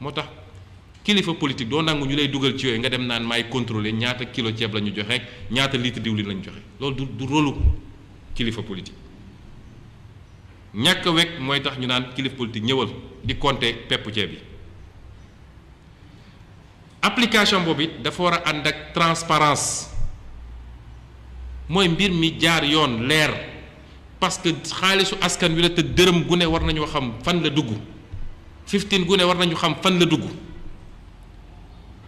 moo tax kilifa politique doo nangu ñu lay dugal ci yooyu nga dem naan may contrôler ñaata kilo ceeb la ñu joxe ñaata litre diwlin la ñu joxe loolu du du rôlu kilifa politique ñàkk wekk mooy tax ñu naan kilifa politique ñëwal di compter peppu ceeb yi application boobu dafa war a ànd ak transparence mooy mbir mi jaar yoon leer parce que xaalisu askan wi la te dërëm gu ne war nañu xam fan la dugg fifteen gu ne war nañu xam fan la dugg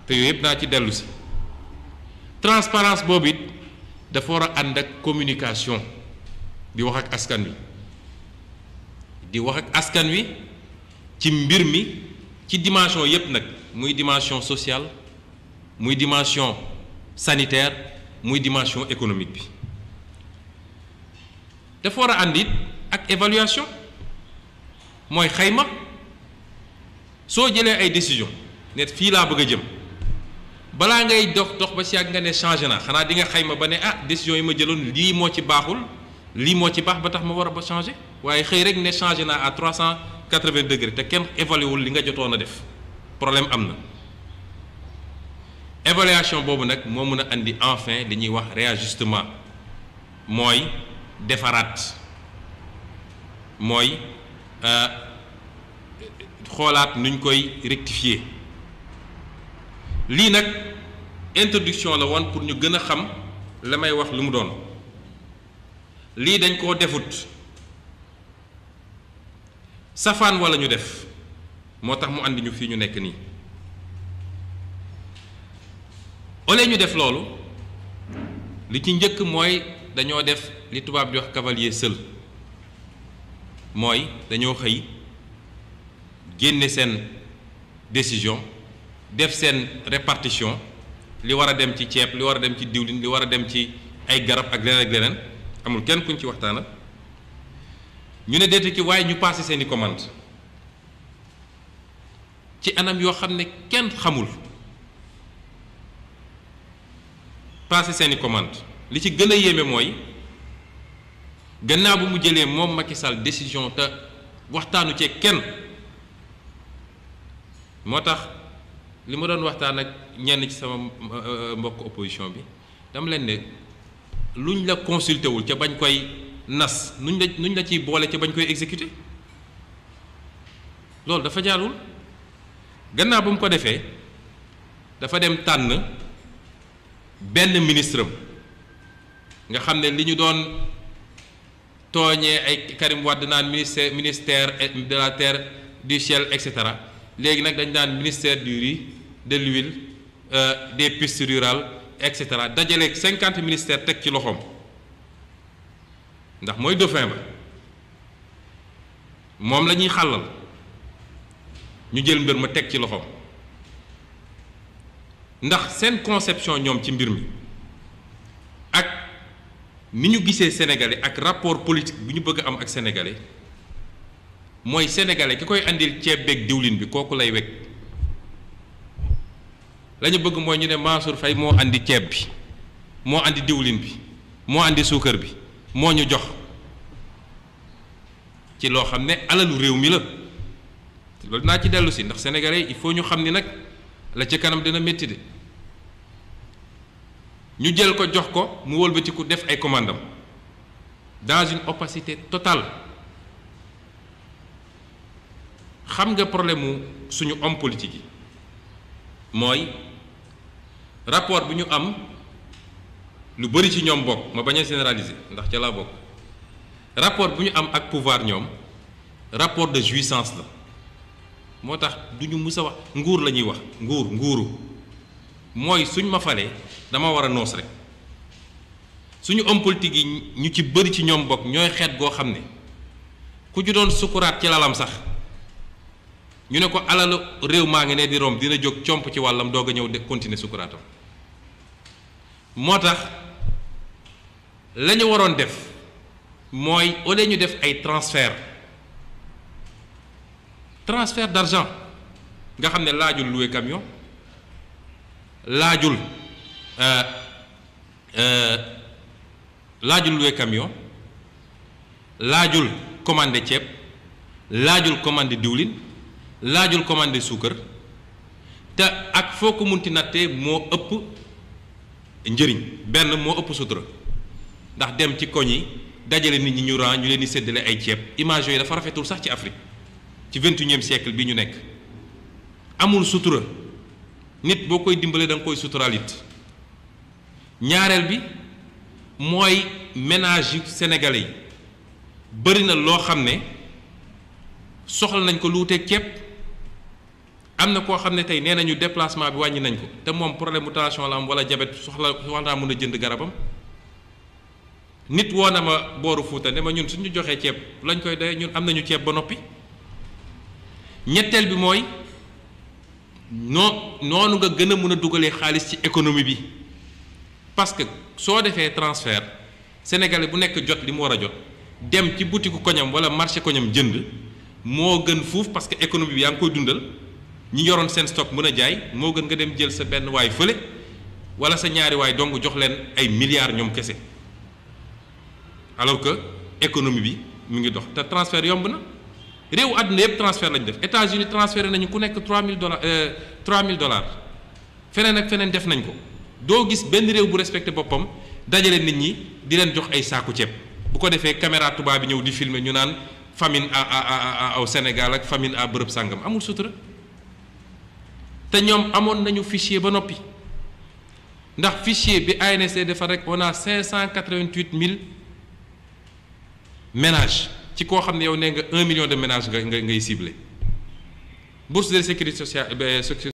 te yooyu yëpp naa ci dellu si transparence boobu it dafa war a ànd ak communication bi wax ak askan wi di wax ak askan wi ci mbir mi ci dimension yépp nag muy dimension sociale muy dimension sanitaire muy dimension économique bi dafa war a ànd it ak évaluation mooy xayma soo jëlee ay décision ne fii laa bëgg a jëm balaa ngay dox dox ba si yàgg nga ne changé na xanaa di nga xayma ba ne ah décision yi ma jëloon lii moo ci baaxul lii moo ci baax ba tax ma war a ba changé waaye xëy rek ne changé naa à 380 degré te kenn évalué wul li nga jotoon a def problème am na. évaluation boobu nag moo mën a andi enfin li ñuy wax réajustement mooy defaraat mooy. Euh, xoolaat nuñ koy rectifier lii nag introduction la woon pour ñu gën a xam la may wax lu mu doon lii dañ koo defut safaan wala ñu def moo tax mu àndi ñu fii ñu nekk nii ole ñu def loolu li ci njëkk mooy dañoo def li tubaab di wax sël mooy dañoo xëy génne seen décision def seen répartition li war a dem ci ceeb li war a dem ci diwlin li war a dem ci ay garab ak leneen ak leneen amul kenn kuñ ci waxtaana ñu ne déete ki waaye ñu passé seeni i commande ci anam yoo xam ne kenn xamul passé seeni i commande li ci gën a yéeme mooy gannaaw bu mu jëlee moom Macky Sall décision te waxtaanu cee kenn moo tax li ma doon waxtaan ak ñenn ci sama euh, mbokk opposition bi dama leen lu luñ la consulté wul ca bañ koy nas nuñ la nuñ la ciy boole ca bañ koy exécuté loolu dafa jaarul gannaaw ba mu ko defee dafa dem tànn benn ministre nga xam ne li ñu doon tooñee ay Karim Wade naan ministère ministère de la terre du ciel et cetera. léegi nag dañ daan ministère du riz de l'huile euh, des pistes rurales et cetera dajaleeg cinquante ministères teg ci loxoom ndax mooy dauphin ba moom lañuy xàllal ñu jël mbir ma teg ci loxoom ndax seen conception ñoom ci mbir mi ak ni ñu gisee sénégalais ak rapport politique bi ñu bëgg a am ak sénégalais mooy sénégalais ki koy indi ceeb beeg diwlin bi kooku lay weg la bëgg mooy ñu ne Mansour Faye moo indi ceeb bi moo indi diwlin bi moo andi suukar bi moo ñu jox ci loo xam ne alalu réew mi la loolu naa ci dellu ndax sénégalais il faut ñu xam ni nag la ci kanam dina métti de ñu jël ko jox ko mu wëlbatiku def ay commandam dans une opacité total xam nga problème mu suñu homme politique yi mooy rapport bu ñu am lu bëri ci ñoom bokk ma bañ a généraliser ndax ca laa bokk rapport bu ñu am ak pouvoir ñoom rapport de jouissance la moo tax duñu ñu mus a wax nguur la ñuy wax nguur nguuru mooy suñ ma falee dama war a noos rek suñu homme politique yi ñu ci bëri ci ñoom bokk ñooy xeet goo xam ne ku ju doon sukuraat ci lalam sax. ñu ne ko alalu réew maa ngi ne di rom dina jóg comp ci wàllam doog a ñëw de continuer sukuraatam moo tax la waroon def mooy au ñu def ay transfert transfert d'argent nga xam ne laajul louer camion laajul euh, euh, laajul louer camion laajul commander ceeb laajul commander diwlin laajul commandé suukar te ak foo ko munti nattee moo ëpp njëriñ benn moo ëpp sutura ndax dem ci koñ yi dajale nit ñi ñu ran ñu leen di séddale ay ceeb image yi dafa rafetul sax ci Afrique ci vintu et unième bi ñu nekk amul sutura nit boo koy dimbalee da koy suturaal ñaareel bi mooy ménage yu sénégalais yi bëri na loo xam ne soxla nañ ko lu wuteeg ceeb am na koo xam ne tey nee nañu déplacement bi wàññi nañ ko te moom problème mutation tension la am wala jabet soxla naa mën a jënd garabam nit woo na ma booru Fuuta ne ma ñun ñu joxee ceeb lañ koy dee ñun am nañu ceeb ba noppi ñetteel bi mooy noo noonu nga gën a mën a dugalee xaalis ci économie bi parce que soo defee transfert sénégale bu nekk jot li mu war a jot dem ci boutique koñam wala marché koñam jënd moo gën fuuf parce que économie bi yaa ngi koy dundal ñi yoroon seen stock mën a jaay moo gën nga dem jël sa benn waay fële wala sa ñaari waay dong jox leen ay milliards ñoom kese alors que économie bi mu ngi dox te transfert yomb na réew àdduna yëpp transfert lañu def États-Unis transféré nañu ku nekk 3000 dollars 3000 dollars feneen ak feneen def nañ ko doo gis benn réew bu respecté boppam dajale nit ñi di leen jox ay saaku ceeb bu ko defee caméra tubaab bi ñëw di filmer ñu naan famine à à à au Sénégal ak famine à bërëb sàngam amul sutura. te ñoom amoon nañu fichier ba noppi ndax fichier bi ANSD dafa rek on cinq cent quatre-vingt-huit mille ménages ci koo xam ne yow nee nga un million de ménages nga ngay ciblé bourse de sécurité sociale eh